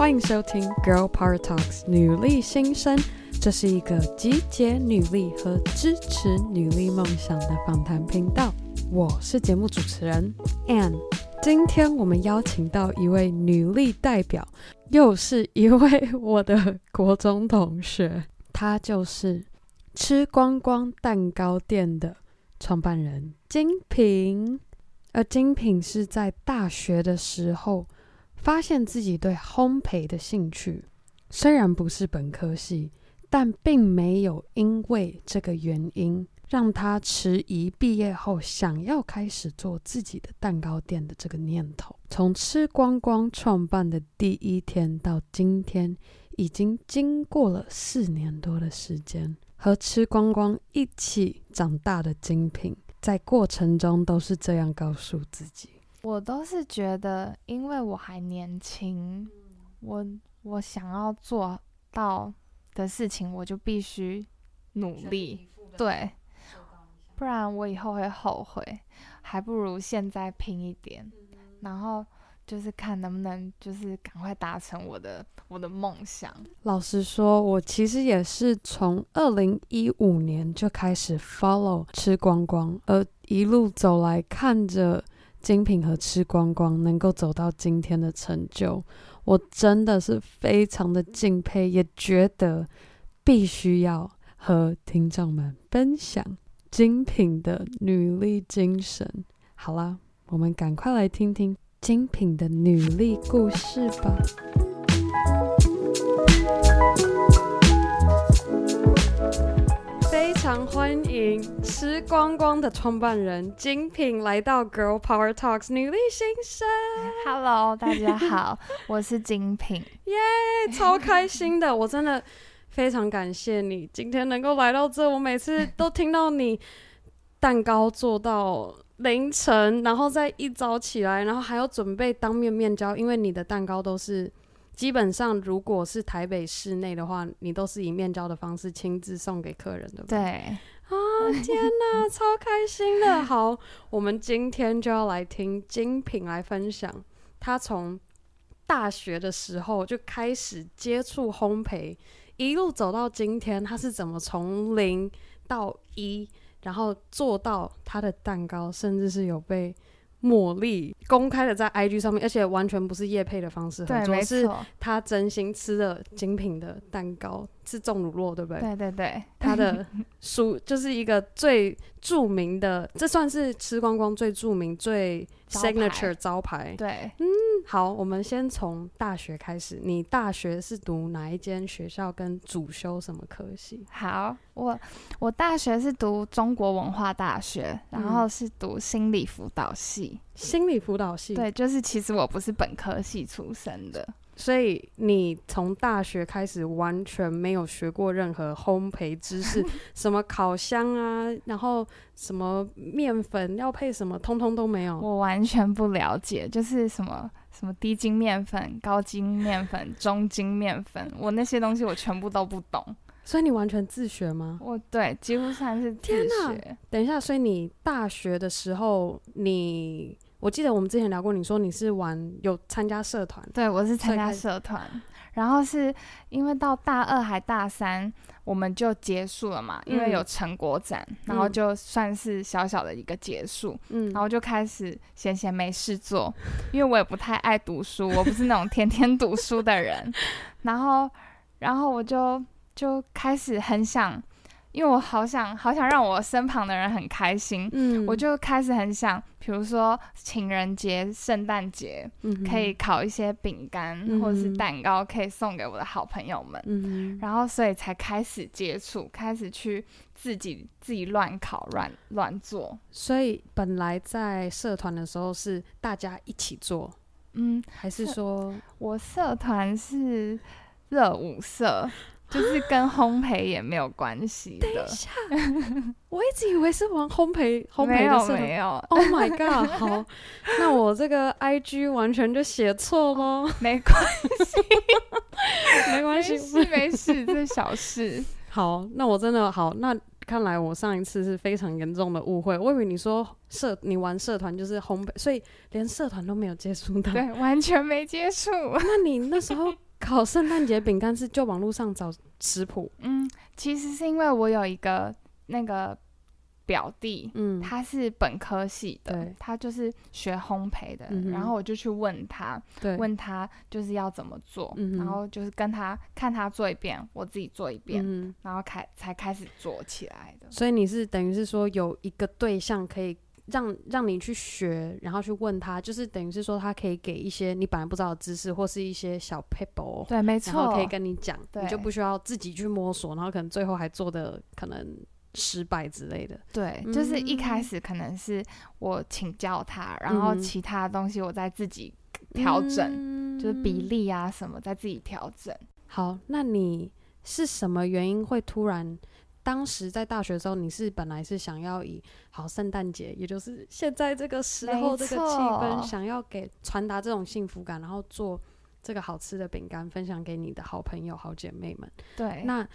歡迎收聽《Girl Power Talks》女力新生，這是一個集結女力和支持女力夢想的訪談頻道。我是節目主持人 Anne，今天我們邀請到一位女力代表，又是一位我的國中同學，她就是吃光光蛋糕店的創辦人京品。而京品是在大學的時候。發現自己對烘焙的興趣，雖然不是本科系，但並沒有因為這個原因讓他遲疑畢業後想要開始做自己的蛋糕店的這個念頭。從吃光光創辦的第一天到今天，已經經過了四年多的時間，和吃光光一起長大的京品，在過程中都是這樣告訴自己。我都是覺得，因為我還年輕，我我想要做到的事情，我就必須努力，對，不然我以後會後悔，還不如現在拼一點，嗯、然後就是看能不能，就是趕快達成我的我的夢想。老實說，我其實也是從二零一五年就開始 follow 吃光光，而一路走來看着，京品和吃光光能夠走到今天的成就，我真的是非常的敬佩，也覺得必須要和聽眾們分享京品的女力精神。好啦，我們趕快來聽聽京品的女力故事吧。非常歡迎吃光光的創辦人京品來到 Girl Power Talks 女力新生。Hello，大家好， 我是京品，耶、yeah,，超開心的。 我真的非常感謝你今天能夠來到這。我每次都聽到你蛋糕做到凌晨，然後再一早起來，然後還要準備當面面交，因為你的蛋糕都是。基本上，如果是台北市內的話，你都是以面交的方式親自送給客人的，對。啊、哦，天哪， 超開心的！好，我們今天就要來聽京品來分享，他從大學的時候就開始接觸烘焙，一路走到今天，他是怎麼從零到一，然後做到他的蛋糕，甚至是有被。茉莉公開的在 IG 上面，而且完全不是業配的方式合作，是他真心吃的京品的蛋糕。是重乳酪，對不對？對對對，他 的書就是一個最著名的，這算是吃光光最著名最 signature 招牌、招牌。對，嗯，好，我們先從大學開始。你大學是讀哪一間學校？跟主修什麼科系？好，我我大學是讀中國文化大學，然後是讀心理輔導系、嗯。心理輔導系，對，就是其實我不是本科系出身的。所以你從大學開始完全沒有學過任何烘焙知識， 什麼烤箱啊，然後什麼麵粉要配什麼，通通都沒有。我完全不了解，就是什麼什麼低筋麵粉、高筋麵粉、中筋麵粉， 我那些東西我全部都不懂。所以你完全自學嗎？我對，幾乎算是自學。天啊，等一下，所以你大學的時候你。我記得我們之前聊過，你說你是玩有參加社團，對，我是參加社團，然後是因為到大二還大三我們就結束了嘛。嗯，因為有成果展，然後就算是小小的一個結束，嗯，然後就開始閒閒沒事做。嗯，因為我也不太愛讀書， 我不是那種天天讀書的人， 然後，然後我就就開始很想。因為我好想好想讓我身旁的人很開心，嗯、我就開始很想，比如說情人節、聖誕節，可以烤一些餅乾、嗯、或者是蛋糕，可以送給我的好朋友們。嗯、然後，所以才開始接觸，開始去自己自己亂烤、亂亂做。所以，本來在社團的時候是大家一起做，嗯，還是說我社團是熱舞社？就是跟烘焙也沒有關係的。等一下，我一直以為是玩烘焙， 烘焙的社團？沒有，沒有 Oh my god！ 好，那我這個 I G 完全就寫錯咯， 沒關係係， 沒關係係， 沒，事 沒事，這小事。好，那我真的好，那看來我上一次是非常嚴重的誤會。我以為你說社，你玩社團就是烘焙，所以連社團都沒有接觸到，對，完全沒接觸。 那你那時候？考聖誕節餅乾是就網絡上找食譜。 嗯，其實是因為我有一個那個表弟，嗯，他是本科系的，對，他就是學烘焙的。嗯嗯，然後我就去問他，對，問他就是要怎麼做，嗯嗯，然後就是跟他看他做一遍，我自己做一遍，嗯嗯，然後開才,才開始做起來的。所以你是等於是說有一個對象可以。讓讓你去學，然後去問他，就是等於是說他可以給一些你本來不知道的知識，或是一些小撇步，對，沒錯，然後可以跟你講，你就不需要自己去摸索，然後可能最後還做得可能失敗之類的。對，就是一開始可能是我請教他，嗯、然後其他東西我再自己調整、嗯，就是比例啊什麼再自己調整。好，那你是什麼原因會突然？當時在大學的時候，你是本來是想要以好聖誕節，也就是現在這個時候這個氣氛，想要給傳達這種幸福感，然後做這個好吃的餅乾分享給你的好朋友、好姐妹們。對，那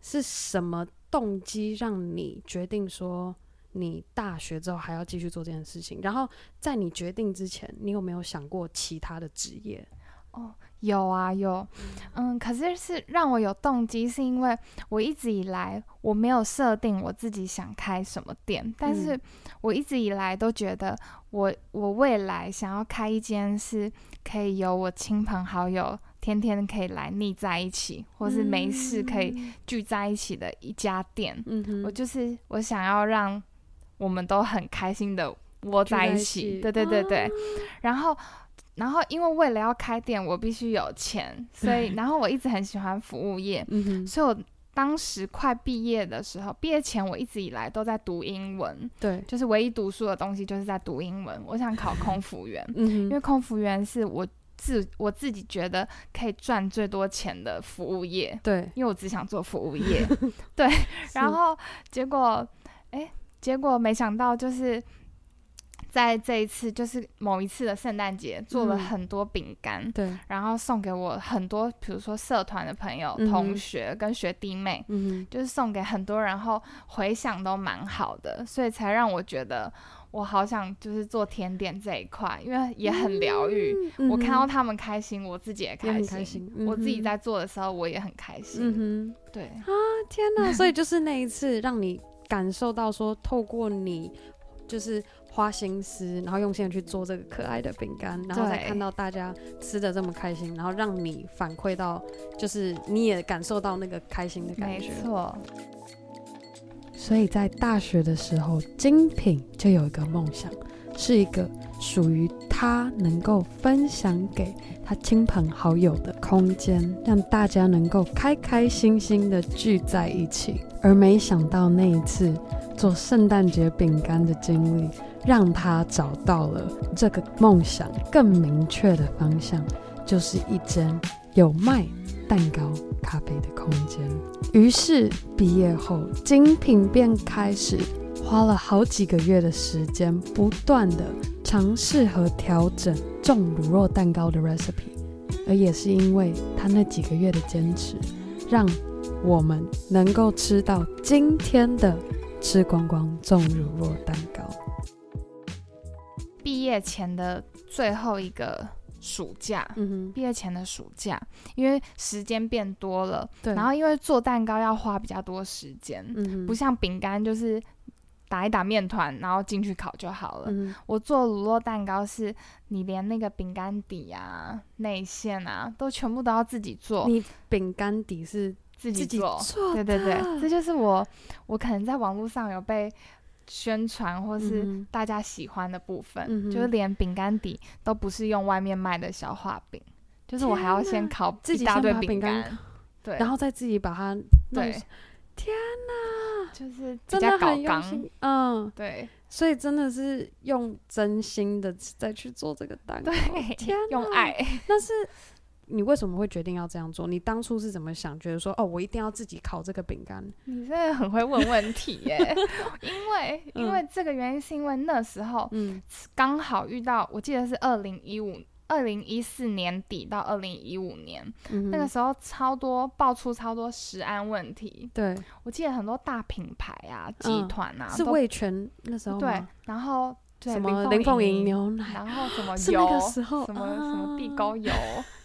是什麼動機讓你決定說你大學之後還要繼續做這件事情？然後在你決定之前，你有沒有想過其他的職業？哦。有啊有嗯，嗯，可是是讓我有動機，是因為我一直以來我沒有設定我自己想開什麼店。嗯，但是我一直以來都覺得我，我我未來想要開一間是可以有我親朋好友天天可以來膩在一起，或是沒事可以聚在一起的一家店。嗯哼，我就是我想要讓我們都很開心的窩在，在一起。對對對對，啊，然後。然後，因為為了要開店，我必須有錢，所以，然後我一直很喜歡服務業，嗯，所以我當時快畢業的時候，畢業前我一直以來都在讀英文，對，就是唯一讀書的東西就是在讀英文。我想考空服員，嗯，因為空服員是我自我自己覺得可以賺最多錢的服務業，對，因為我只想做服務業， 對。然後結果，誒，結果沒想到就是。在這一次，就是某一次的聖誕節，做了很多餅乾、嗯，對，然後送給我很多，比如說社團的朋友、嗯、同學跟學弟妹，嗯，就是送給很多人，然後回想都蠻好的，所以才讓我覺得我好想就是做甜點這一塊，因為也很療癒、嗯嗯。我看到他們開心，我自己也開心，開心嗯、我自己在做的時候，我也很開心。嗯，對啊，天哪！ 所以就是那一次，讓你感受到說，透過你，就是。花心思，然後用心去做這個可愛的餅乾，然後才看到大家吃得這麼開心，然後讓你反饋到，就是你也感受到那個開心的感覺。沒錯。所以在大學的時候，京品就有一個夢想，是一個屬於他能夠分享給他親朋好友的空間，讓大家能夠開開心心的聚在一起。而沒想到那一次。做聖誕節餅乾的經歷，讓她找到了這個夢想更明確的方向，就是一間有賣蛋糕、咖啡的空間。於是畢業後，京品便開始花了好幾個月的時間，不斷地嘗試和調整重乳酪蛋糕的 recipe。而也是因為她那幾個月的堅持，讓我們能夠吃到今天的。吃光光，重乳酪蛋糕。畢業前的最後一個暑假，嗯哼，畢業前的暑假，因為時間變多了，對，然後因為做蛋糕要花比較多時間，嗯哼，不像餅乾就是打一打麵糰，然後進去烤就好了。嗯哼、我做乳酪蛋糕是，你連那個餅乾底啊、內餡啊，都全部都要自己做。你餅乾底是？自己做，自己做，對對對，這就是我我可能在網絡上有被宣傳或是大家喜歡的部分，嗯、就是連餅乾底都不是用外面賣的消化餅，就是我還要先烤自己烤，搭把餅乾，對，然後再自己把它，對，天哪，就是真的很用心，嗯，對，所以真的是用真心的再去做這個蛋糕，對用愛，但是。你為什麼會決定要這樣做？你當初是怎麼想？覺得說哦，我一定要自己烤這個餅乾。你真的很會問問題耶、欸！ 因為因為這個原因，是因為那時候剛、嗯、好遇到，我記得是二零一五二零一四年底到二零一五年、嗯，那個時候超多爆出超多食安問題。對，我記得很多大品牌啊、嗯、集團啊是味全那時候對，然後對什麼林鳳營牛奶，然後什麼油，什麼、啊、什麼地溝油。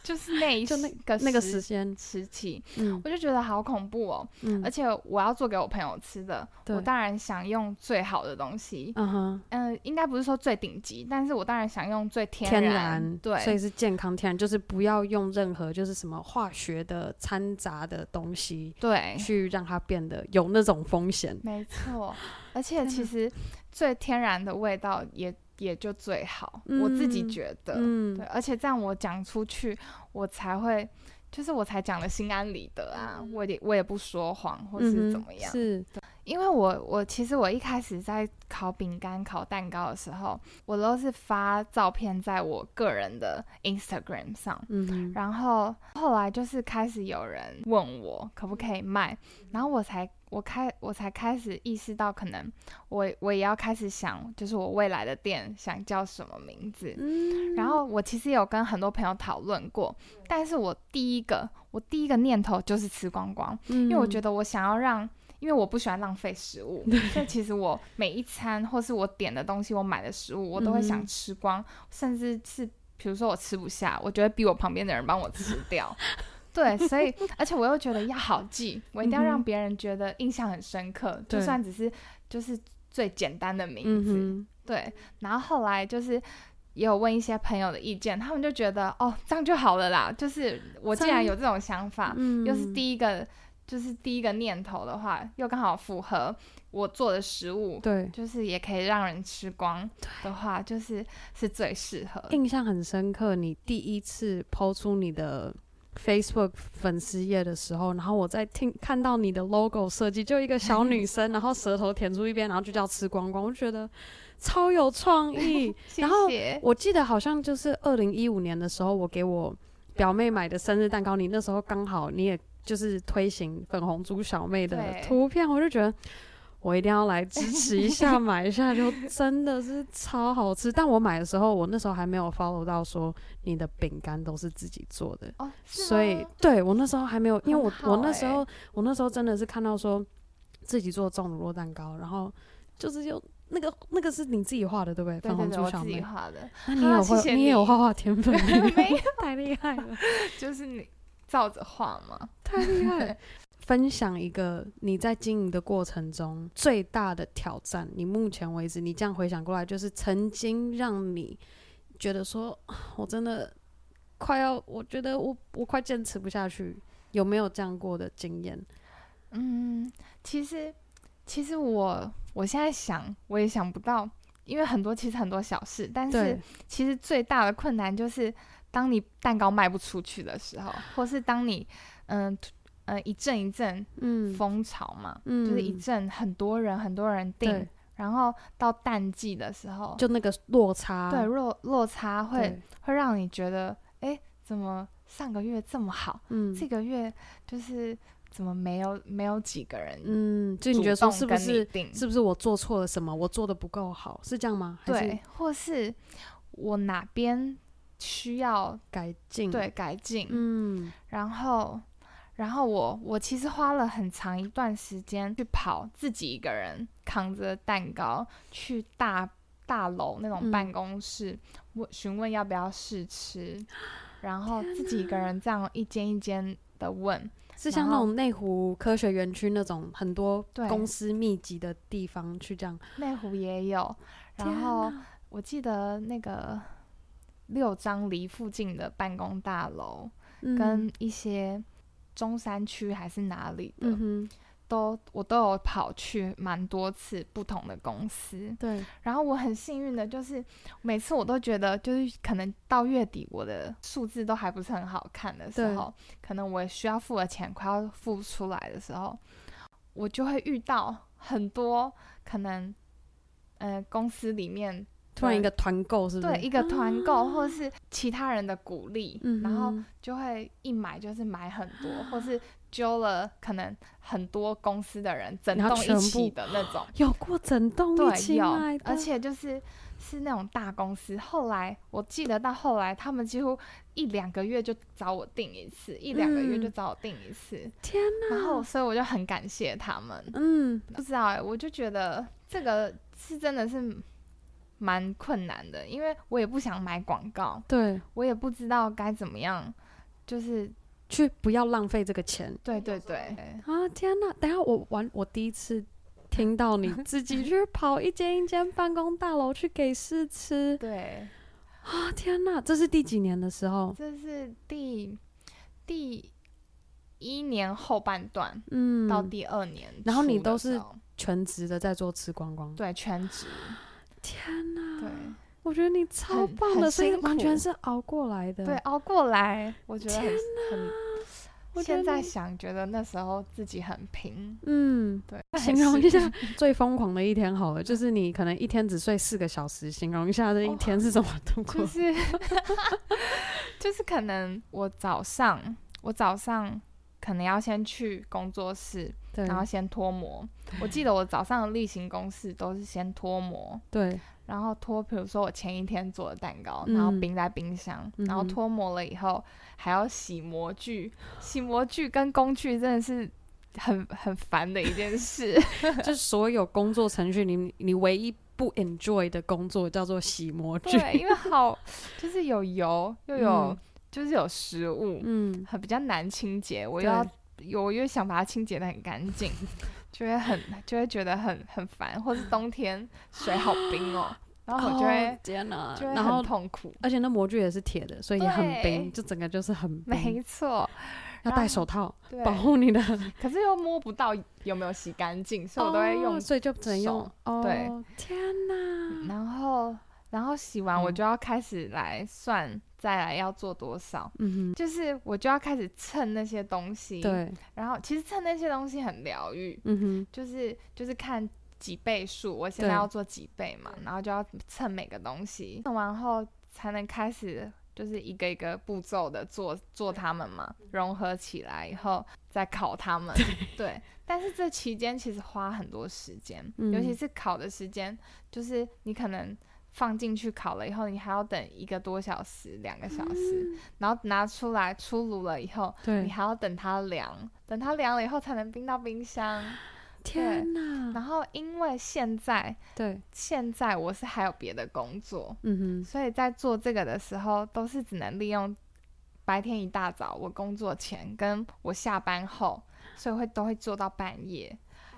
就是那一就那個那個時間吃起，我就覺得好恐怖哦、喔嗯。而且我要做給我朋友吃的，我當然想用最好的東西。嗯哼，嗯、呃，應該不是說最頂級，但是我當然想用最天然，天然，對，所以是健康天然，就是不要用任何就是什麼化學的摻雜的東西，對，去讓它變得有那種風險。沒錯，而且其實最天然的味道也。也就最好，嗯，我自己覺得，嗯，對，而且這樣我講出去，我才會，就是我才講得心安理得啊，嗯，我也我也不說謊或是怎麼樣，嗯，是因為我我其實我一開始在烤餅乾、烤蛋糕的時候，我都是發照片在我個人的 Instagram 上，嗯，然後後來就是開始有人問我可不可以賣，然後我才。我開，我才開始意識到，可能我我也要開始想，就是我未來的店想叫什麼名字，嗯。然後我其實有跟很多朋友討論過，但是我第一個，我第一個念頭就是吃光光，嗯，因為我覺得我想要讓，因為我不喜歡浪費食物，所以其實我每一餐或是我點的東西，我買的食物，我都會想吃光，嗯，甚至是比如說我吃不下，我會逼我旁邊的人幫我吃掉。 對，所以而且我又覺得要好記，我一定要讓別人覺得印象很深刻，嗯，就算只是就是最簡單的名字，嗯。對，然後後來就是也有問一些朋友的意見，他們就覺得哦這樣就好了啦。就是我既然有這種想法，嗯，又是第一個就是第一個念頭的話，又剛好符合我做的食物，對，就是也可以讓人吃光的話，就是是最適合。印象很深刻，你第一次拋出你的。Facebook 粉絲頁的時候，然後我在聽看到你的 logo 設計，就一個小女生， 然後舌頭舔出一邊，然後就叫吃光光，我覺得超有創意。 然後我記得好像就是二零一五年的時候，我給我表妹買的生日蛋糕，你那時候剛好你也就是推行粉紅豬小妹的圖片，我就覺得。我一定要來支持一下，買一下 就真的是超好吃。但我買的時候，我那時候還沒有 follow 到說你的餅乾都是自己做的，哦、所以對我那時候還沒有，因為我、欸、我那時候我那時候真的是看到說自己做這種乳酪蛋糕，然後就是有那個那個是你自己畫的對不對？粉紅豬小妹，的 那你有謝謝你，你也有畫畫天分， 沒有 太厲害了，就是你照着畫嘛， 太厲害了。 分享一個你在經營的過程中最大的挑戰，你目前為止，你這樣回想過來，就是曾經讓你覺得說，我真的快要，我覺得我我快堅持不下去，有沒有這樣過的經驗？嗯，其實其實我我現在想，我也想不到，因為很多其實很多小事，但是其實最大的困難就是，當你蛋糕賣不出去的時候，或是當你嗯，呃嗯，一陣一陣，嗯，風潮嘛，嗯，就是一陣很多人很多人訂，嗯。然後到淡季的時候，就那個落差，對落落差會會讓你覺得，哎，怎麼上個月這麼好，嗯，這個月就是怎麼沒有沒有幾個人，嗯，就你覺得說是不是是不是我做錯了什麼，我做得不夠好，是這樣嗎？對，或是我哪邊需要改進？對，改進，嗯，然後。然後我我其實花了很長一段時間去跑，自己一個人扛着蛋糕去大大樓那種辦公室問、嗯、詢問要不要試吃，然後自己一個人這樣一間一間的問，是像那種內湖科學園區那種很多公司密集的地方去這樣。內湖也有，然後我記得那個六張犁附近的辦公大樓、嗯、跟一些。中山區還是哪裡的，嗯、都我都有跑去蠻多次不同的公司。對，然後我很幸運的就是，每次我都覺得就是可能到月底我的數字都還不是很好看的時候，可能我需要付的錢快要付不出來的時候，我就會遇到很多可能，嗯、呃，公司裡面。突然一個團購是不是？對，一個團購，啊，或者是其他人的鼓勵，嗯，然後就會一買就是買很多，嗯、或是揪了可能很多公司的人、嗯、整棟一起的那種。有過整棟對，有，而且就是是那種大公司。 後來我記得到後來，他們幾乎一兩個月就找我訂一次，嗯，一兩個月就找我訂一次。天哪！然後所以我就很感謝他們。嗯，不知道哎、欸，我就覺得這個是真的是。蠻困難的，因為我也不想買廣告，對，我也不知道該怎麼樣，就是去不要浪費這個錢。對對對，對對對啊，天哪！等一下我玩。我第一次聽到你自己去跑一間一間辦公大樓去給試吃。 對，啊，天哪！這是第幾年的時候？這是第第一年後半段，嗯，到第二年，然後你都是全職的在做吃光光，對，全職。天哪、啊！對，我覺得你超棒的、嗯，所以完全是熬過來的。對，熬過來。我覺得很、啊，很，我現在想，覺得那時候自己很拼。嗯，對。形容一下最瘋狂的一天好了、嗯，就是你可能一天只睡四個小時，形容一下這一天是怎麼度過的。Oh, okay. 就是， 就是可能我早上，我早上可能要先去工作室。然後先脫模，我記得我早上的例行公事都是先脫模。對，然後脫，比如說我前一天做的蛋糕，嗯、然後冰在冰箱、嗯，然後脫模了以後還要洗模具，洗模具跟工具真的是很很煩的一件事。 就所有工作程序裡，你你唯一不 enjoy 的工作叫做洗模具，對，因為好就是有油又有、嗯、就是有食物，嗯，很比較難清潔，我要。我因為想把它清潔得很乾淨， 就會很就會覺得很很煩，或是冬天水好冰哦， 然後我就會，哦、就會然後痛苦，而且那模具也是鐵的，所以也很冰，就整個就是很冰，沒錯，要戴手套保護你的，可是又摸不到有沒有洗乾淨，所以我都會用、哦，所以就不能用，對，哦、對天哪，然後然後洗完我就要開始來算。嗯再來要做多少？嗯，就是我就要開始稱那些東西。對。然後其實稱那些東西很療癒。嗯，就是就是看幾倍數，我現在要做幾倍嘛，然後就要稱每個東西，稱完後才能開始就是一個一個步驟的做做它們嘛，融合起來以後再烤它們對對。對。但是這期間其實花很多時間，嗯，尤其是烤的時間，就是你可能。放進去烤了以後，你還要等一個多小時、兩個小時，嗯，然後拿出來出爐了以後，你還要等它涼，等它涼了以後才能冰到冰箱。天哪！然後因為現在對現在我是還有別的工作，嗯哼，所以在做這個的時候都是只能利用白天一大早我工作前跟我下班後，所以會都會做到半夜。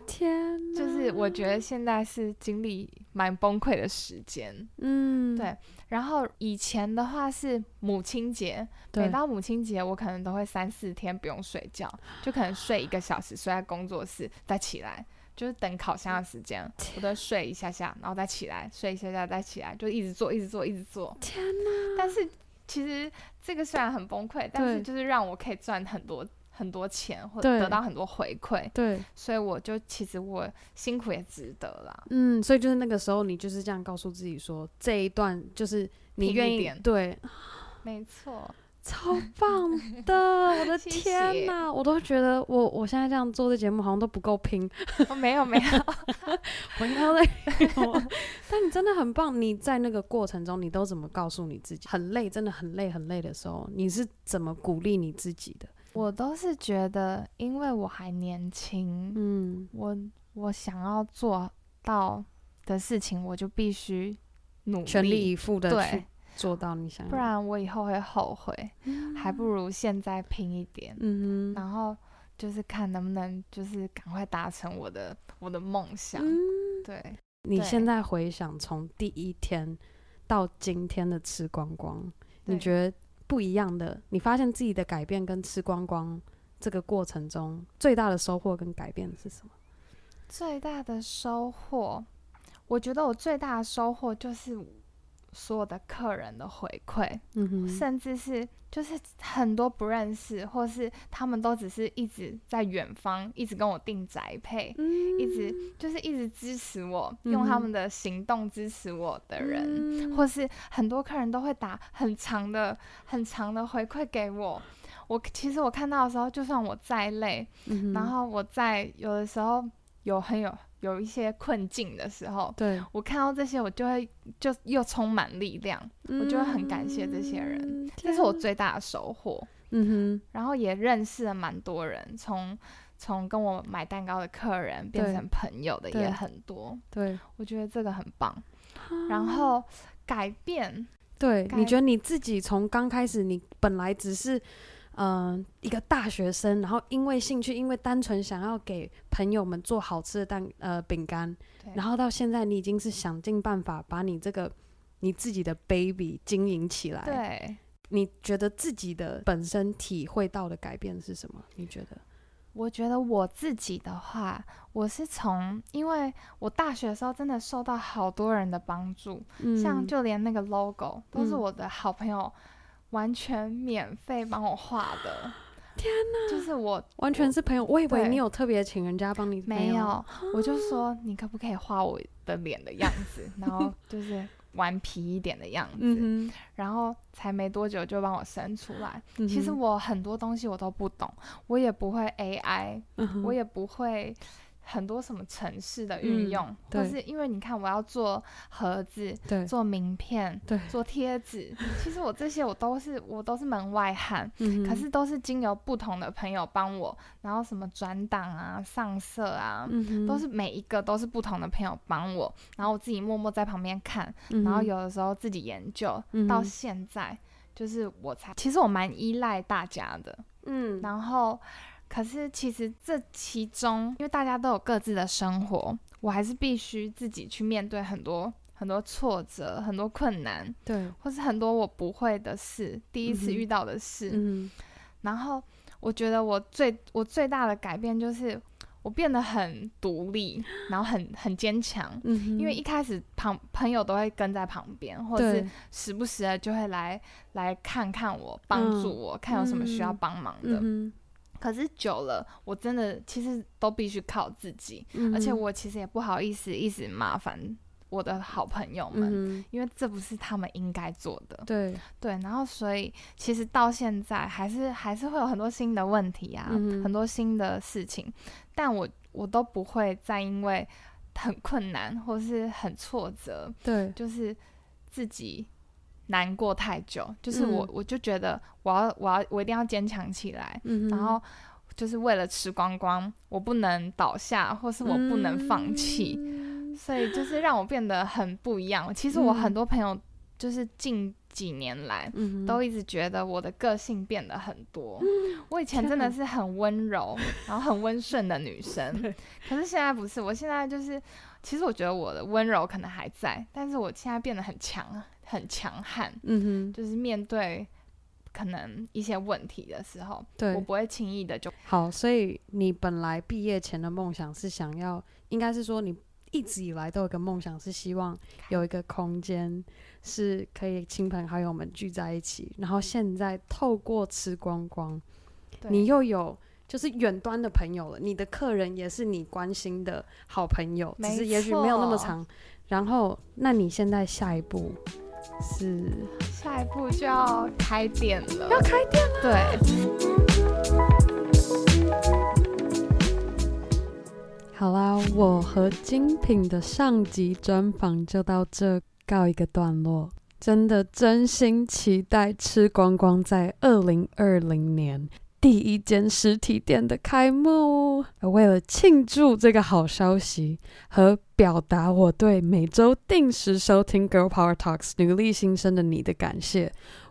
天，就是我覺得現在是經歷蠻崩潰的時間，嗯，對。然後以前的話是母親節，每到母親節我可能都會三四天不用睡覺，就可能睡一個小時，睡在工作室， 再起來就是等烤箱的時間，我都睡一下下，然後再起來睡一下下，再起來就一直，一直做，一直做，一直做。天哪！但是其實這個雖然很崩潰，但是就是讓我可以賺很多。很多錢，或者得到很多回饋，對，所以我就其實我辛苦也值得啦，嗯，所以就是那個時候，你就是這樣告訴自己說，這一段就是你願意點，對，沒錯，超棒的， 我的天吶、啊，我都覺得我我現在這樣做這節目好像都不夠拼、 oh, 沒，沒有沒有，我超累。但你真的很棒，你在那個過程中，你都怎麼告訴你自己很累，真的很累很累的時候，你是怎麼鼓勵你自己的？我都是覺得，因為我還年輕，嗯，我我想要做到的事情，我就必須努力全力以赴的去做到。你想要，不然我以後會後悔，嗯，還不如現在拼一點，嗯，然後就是看能不能，就是趕快達成我的我的夢想，嗯。對，你現在回想從第一天到今天的吃光光，你覺得？不一樣的，你發現自己的改變跟吃光光這個過程中，最大的收穫跟改變是什麼？最大的收穫，我覺得我最大的收穫就是。所有的客人的回饋、嗯，甚至是就是很多不認識，或是他們都只是一直在遠方，一直跟我訂宅配，嗯、一直就是一直支持我、嗯，用他們的行動支持我的人、嗯，或是很多客人都會打很長的、很長的回饋給我。我其實我看到的時候，就算我再累，嗯、然後我再有的時候有很有。有一些困境的時候，對，我看到這些，我就會就又充滿力量、嗯，我就會很感謝這些人，啊、這是我最大的收穫。嗯哼，然後也認識了蠻多人，從從跟我買蛋糕的客人變成朋友的也很多。對，我覺得這個很棒。然後改變，對，你覺得你自己從剛開始，你本來只是。嗯、呃，一個大學生，然後因為興趣，因為單純想要給朋友們做好吃的蛋呃餅乾。對，然後到現在你已經是想盡辦法把你這個你自己的 baby 經營起來。對，你覺得自己的本身體會到的改變是什麼？你覺得？我覺得我自己的話，我是從，因為我大學的時候真的受到好多人的幫助，嗯、像就連那個 logo 都是我的好朋友。嗯完全免費幫我畫的，天哪！就是我完全是朋友，我以為你有特別請人家幫你，沒有，我就說你可不可以畫我的臉的樣子， 然後就是頑皮一點的樣子、嗯，然後才沒多久就幫我生出來、嗯。其實我很多東西我都不懂，我也不會 AI，、嗯、我也不會。很多什麼程式的運用，就、嗯、是因為你看，我要做盒子，做名片，做貼紙。其實我這些我都是我都是門外漢、嗯，可是都是經由不同的朋友幫我，然後什麼轉檔啊、上色啊、嗯，都是每一個都是不同的朋友幫我，然後我自己默默在旁邊看，嗯、然後有的時候自己研究、嗯，到現在就是我才，其實我蠻依賴大家的，嗯，然後。可是，其實這其中，因為大家都有各自的生活，我還是必須自己去面對很多很多挫折、很多困難，對，或是很多我不會的事，第一次遇到的事。嗯嗯、然後，我覺得我最我最大的改變就是，我變得很獨立，然後很很堅強、嗯。因為一開始旁，旁朋友都會跟在旁邊，或者是時不時的就會來來看看我，幫助我、嗯、看有什麼需要幫忙的。嗯嗯可是久了，我真的其實都必須靠自己。嗯嗯，而且我其實也不好意思一直麻煩我的好朋友們。嗯嗯，因為這不是他們應該做的。對對，然後所以其實到現在還是還是會有很多新的問題啊，嗯、很多新的事情，但我我都不會再因為很困難或是很挫折，對，就是自己。難過太久，就是我、嗯，我就覺得我要，我要，我一定要堅強起來。嗯、然後，就是為了吃光光，我不能倒下，或是我不能放棄、嗯。所以，就是讓我變得很不一樣。其實我很多朋友，就是近幾年來、嗯，都一直覺得我的個性變得很多。嗯、我以前真的是很溫柔，然後很溫順的女生， 可是現在不是。我現在就是，其實我覺得我的溫柔可能還在，但是我現在變得很強啊。很強悍，嗯哼，就是面對可能一些問題的時候，對我不會輕易的就好。所以你本來畢業前的夢想是想要，應該是說你一直以來都有個夢想，是希望有一個空間是可以親朋好友們聚在一起。然後現在透過吃光光，對你又有就是遠端的朋友了，你的客人也是你關心的好朋友，只是也許沒有那麼長。然後，那你現在下一步？是，下一步就要開店了，要開店了，對，好啦，我和京品的上集專訪就到這告一個段落，真的真心期待吃光光在二零二零年，第一間實體店的開幕哦！而為了慶祝這個好消息，和表達我對每周定時收聽《Girl Power Talks》女力新生的你的感謝，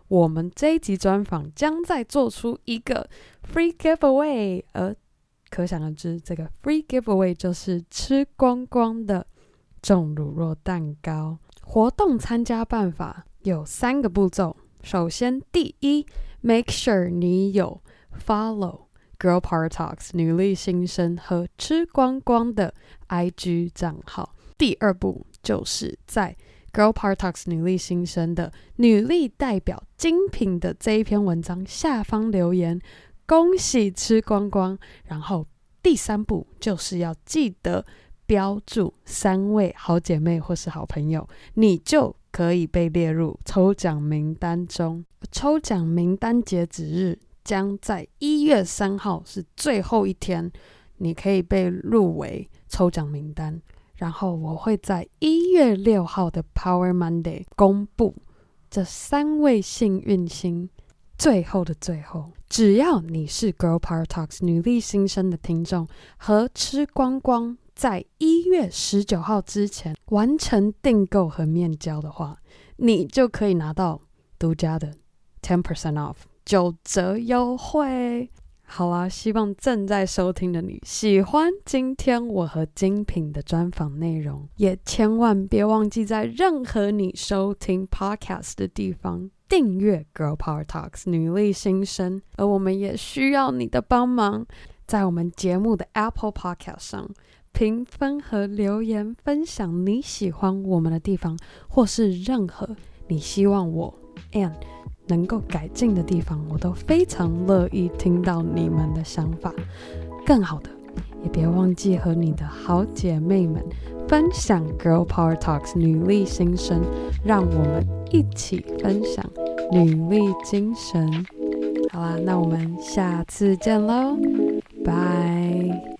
我們這一集專訪將再做出一個 free giveaway，而可想而知，這個 free giveaway 就是吃光光的重乳酪蛋糕。活動參加辦法有三個步驟：首先，第一，make sure 你有。Follow Girl Paradox 女力新生和吃光光的 IG 賬號。第二步就是在 Girl Paradox 女力新生的“女力代表京品”的這一篇文章下方留言，恭喜吃光光。然後第三步就是要記得標註三位好姐妹或是好朋友，你就可以被列入抽獎名單中。抽獎名單截止日，將在一月三號是最後一天，你可以被入圍抽獎名單。然後我會在一月六號的 Power Monday 公布這三位幸運星。最後的最後，只要你是 Girl Power Talks 女力新生的聽眾和吃光光，在一月十九號之前完成訂購和面交的話，你就可以拿到獨家的 Ten Percent Off。九折優惠，好啦！希望正在收聽的你喜歡今天我和京品的專訪內容，也千萬別忘記在任何你收聽 Podcast 的地方訂閱《Girl Power Talks》女力新生。而我們也需要你的幫忙，在我們節目的 Apple Podcast 上評分和留言，分享你喜歡我們的地方，或是任何你希望我 and。能夠改進的地方，我都非常樂意聽到你們的想法。更好的，也別忘記和你的好姐妹們分享 Girl Power Talks 女力新生，讓我們一起分享女力精神。好啦，那我們下次見嘍，拜。